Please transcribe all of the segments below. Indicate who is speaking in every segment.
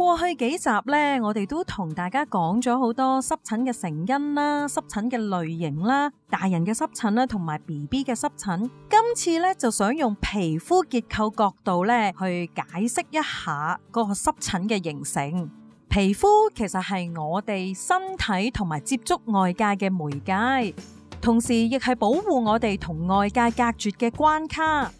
Speaker 1: 過去幾集呢，我哋都同大家講咗好多濕疹嘅成因啦、濕疹嘅類型啦、大人嘅濕疹啦，同埋 BB 嘅濕疹。今次呢，就想用皮膚結構角度呢，去解釋一下嗰個濕疹嘅形成。皮膚其實係我哋身體同埋接觸外界嘅媒介，同時亦係保護我哋同外界隔絕嘅關卡。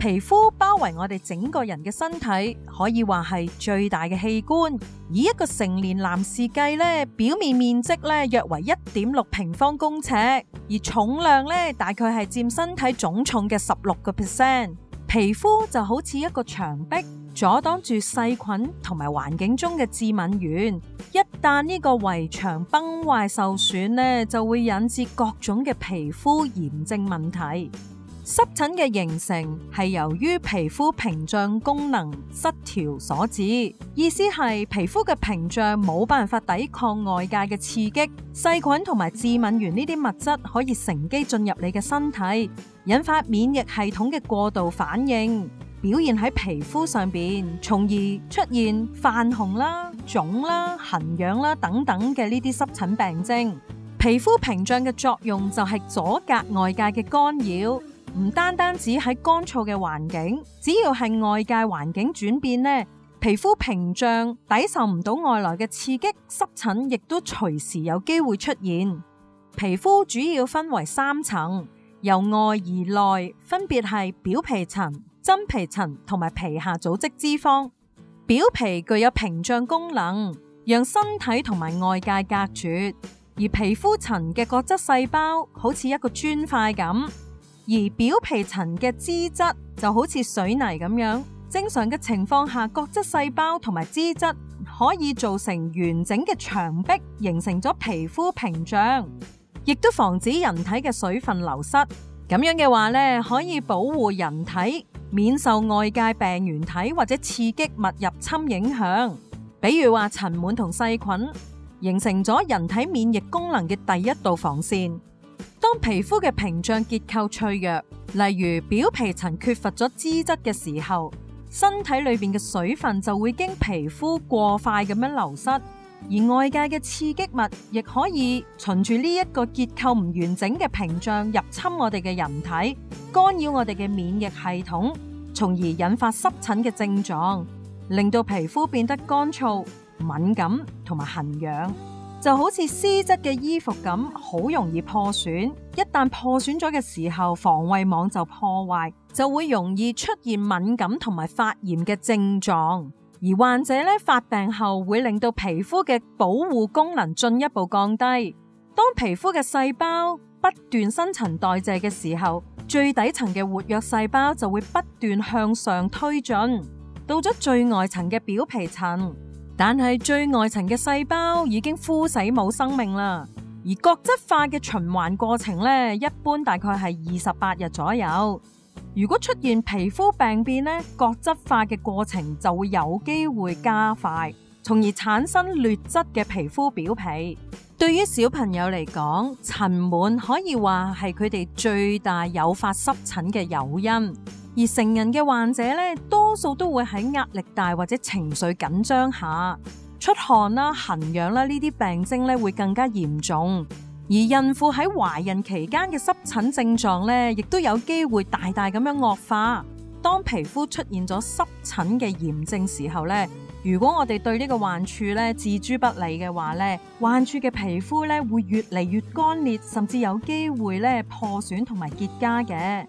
Speaker 1: 皮膚包圍我哋整個人嘅身體，可以話係最大嘅器官。以一個成年男士計咧，表面面積咧約為一點六平方公尺，而重量咧大概係佔身體總重嘅十六個 percent。皮膚就好似一個牆壁，阻擋住細菌同埋環境中嘅致敏原。一旦呢個圍牆崩壞受損咧，就會引致各種嘅皮膚炎症問題。濕疹嘅形成係由於皮膚屏障功能失調所致，意思係皮膚嘅屏障冇辦法抵抗外界嘅刺激，細菌同埋致敏原呢啲物質可以乘機進入你嘅身體，引發免疫系統嘅過度反應，表現喺皮膚上邊，從而出現泛紅啦、腫啦、痕癢啦等等嘅呢啲濕疹病症。皮膚屏障嘅作用就係阻隔外界嘅干擾。唔單單只喺乾燥嘅環境，只要係外界環境轉變呢，皮膚屏障抵受唔到外來嘅刺激，濕疹亦都隨時有機會出現。皮膚主要分為三層，由外而內分別係表皮層、真皮層同埋皮下組織脂肪。表皮具有屏障功能，讓身體同埋外界隔絕。而皮膚層嘅角質細胞好似一個磚塊咁。而表皮層嘅脂質就好似水泥咁樣，正常嘅情況下，角質細胞同埋脂質可以造成完整嘅牆壁，形成咗皮膚屏障，亦都防止人體嘅水分流失。咁樣嘅話咧，可以保護人體免受外界病原體或者刺激物入侵影響，比如話塵蟎同細菌，形成咗人體免疫功能嘅第一道防線。當皮膚嘅屏障結構脆弱，例如表皮層缺乏咗脂質嘅時候，身體裏邊嘅水分就會經皮膚過快咁樣流失，而外界嘅刺激物亦可以循住呢一個結構唔完整嘅屏障入侵我哋嘅人體，干擾我哋嘅免疫系統，從而引發濕疹嘅症狀，令到皮膚變得乾燥、敏感同埋痕癢。就好似絲質嘅衣服咁，好容易破損。一旦破損咗嘅時候，防衛網就破壞，就會容易出現敏感同埋發炎嘅症狀。而患者呢發病後，會令到皮膚嘅保護功能進一步降低。當皮膚嘅細胞不斷新陳代謝嘅時候，最底層嘅活躍細胞就會不斷向上推進，到咗最外層嘅表皮層。但係最外層嘅細胞已經枯死冇生命啦，而角質化嘅循環過程咧，一般大概係二十八日左右。如果出現皮膚病變咧，角質化嘅過程就會有機會加快，從而產生劣質嘅皮膚表皮。對於小朋友嚟講，塵蟎可以話係佢哋最大誘發濕疹嘅誘因。而成人嘅患者咧，多數都會喺壓力大或者情緒緊張下出汗啦、痕癢啦呢啲病徵咧會更加嚴重。而孕婦喺懷孕期間嘅濕疹症狀咧，亦都有機會大大咁樣惡化。當皮膚出現咗濕疹嘅炎症時候咧，如果我哋對呢個患處咧置諸不理嘅話咧，患處嘅皮膚咧會越嚟越乾裂，甚至有機會咧破損同埋結痂嘅。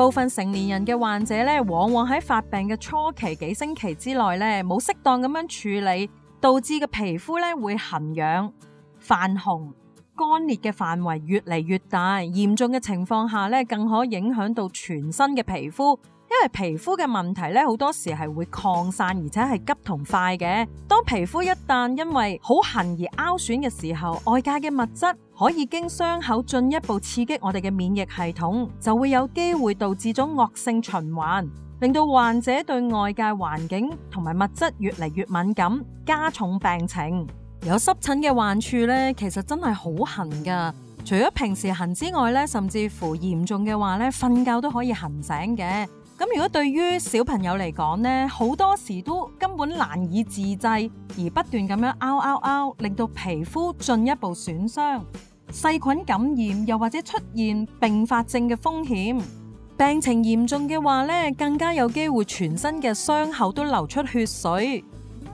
Speaker 1: 部分成年人嘅患者咧，往往喺發病嘅初期幾星期之內咧，冇適當咁樣處理，導致嘅皮膚咧會痕癢、泛紅、乾裂嘅範圍越嚟越大，嚴重嘅情況下咧，更可影響到全身嘅皮膚。因為皮膚嘅問題咧，好多時係會擴散，而且係急同快嘅。當皮膚一旦因為好痕而拗損嘅時候，外界嘅物質可以經傷口進一步刺激我哋嘅免疫系統，就會有機會導致咗惡性循環，令到患者對外界環境同埋物質越嚟越敏感，加重病情。有濕疹嘅患處咧，其實真係好痕㗎。除咗平時痕之外咧，甚至乎嚴重嘅話咧，瞓覺都可以痕醒嘅。咁如果對於小朋友嚟講呢，好多時都根本難以自制，而不斷咁樣「嗷嗷嗷」，令到皮膚進一步損傷、細菌感染，又或者出現併發症嘅風險。病情嚴重嘅話呢，更加有機會全身嘅傷口都流出血水。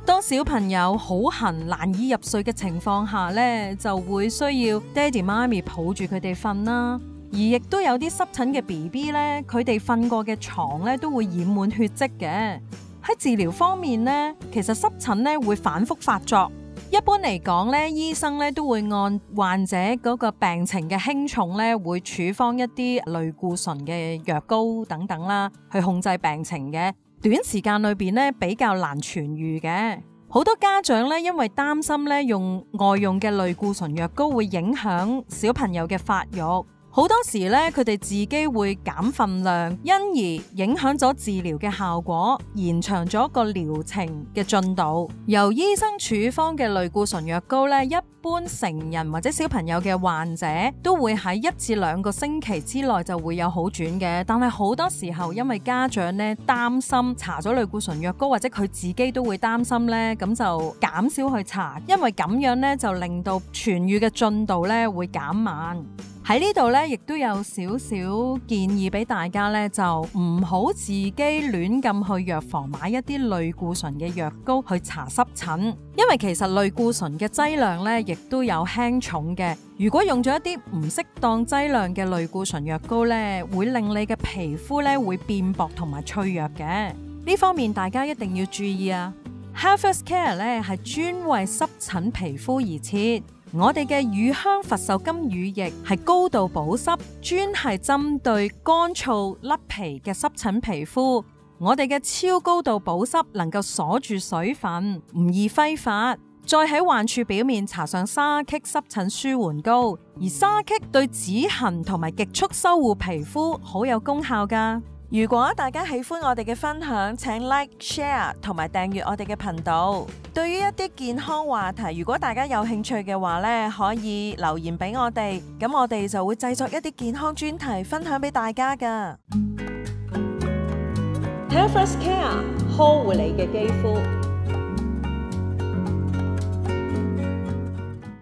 Speaker 1: 當小朋友好痕、難以入睡嘅情況下呢，就會需要爹哋媽咪抱住佢哋瞓啦。而亦都有啲濕疹嘅 B B 咧，佢哋瞓過嘅床咧都會染滿血跡嘅。喺治療方面呢，其實濕疹咧會反覆發作。一般嚟講咧，醫生咧都會按患者嗰個病情嘅輕重咧，會處方一啲類固醇嘅藥膏等等啦，去控制病情嘅。短時間裏邊咧比較難痊癒嘅。好多家長咧，因為擔心咧用外用嘅類固醇藥膏會影響小朋友嘅發育。好多時咧，佢哋自己會減份量，因而影響咗治療嘅效果，延長咗個療程嘅進度。由醫生處方嘅類固醇藥膏咧，一般成人或者小朋友嘅患者都會喺一至兩個星期之內就會有好轉嘅。但係好多時候因為家長咧擔心搽咗類固醇藥膏，或者佢自己都會擔心咧，咁就減少去搽，因為咁樣咧就令到痊癒嘅進度咧會減慢。喺呢度咧，亦都有少少建議俾大家咧，就唔好自己亂咁去藥房買一啲類固醇嘅藥膏去搽濕疹，因為其實類固醇嘅劑量咧，亦都有輕重嘅。如果用咗一啲唔適當劑量嘅類固醇藥膏咧，會令你嘅皮膚咧會變薄同埋脆弱嘅。呢方面大家一定要注意啊。 Health1stCare 咧係專為濕疹皮膚而設。我哋嘅乳香佛手柑乳液係高度保濕，專係針對乾燥甩皮嘅濕疹皮膚。我哋嘅超高度保濕能夠鎖住水分，唔易揮發。再喺患處表面搽上沙棘濕疹舒緩膏，而沙棘對止痕同埋極速修護皮膚好有功效㗎。如果大家喜歡我哋嘅分享，請 like share 同埋訂閱我哋嘅頻道。對於一啲健康話題，如果大家有興趣嘅話咧，可以留言俾我哋，咁我哋就會製作一啲健康專題分享俾大家噶。Health1stCare 呵護你嘅肌膚。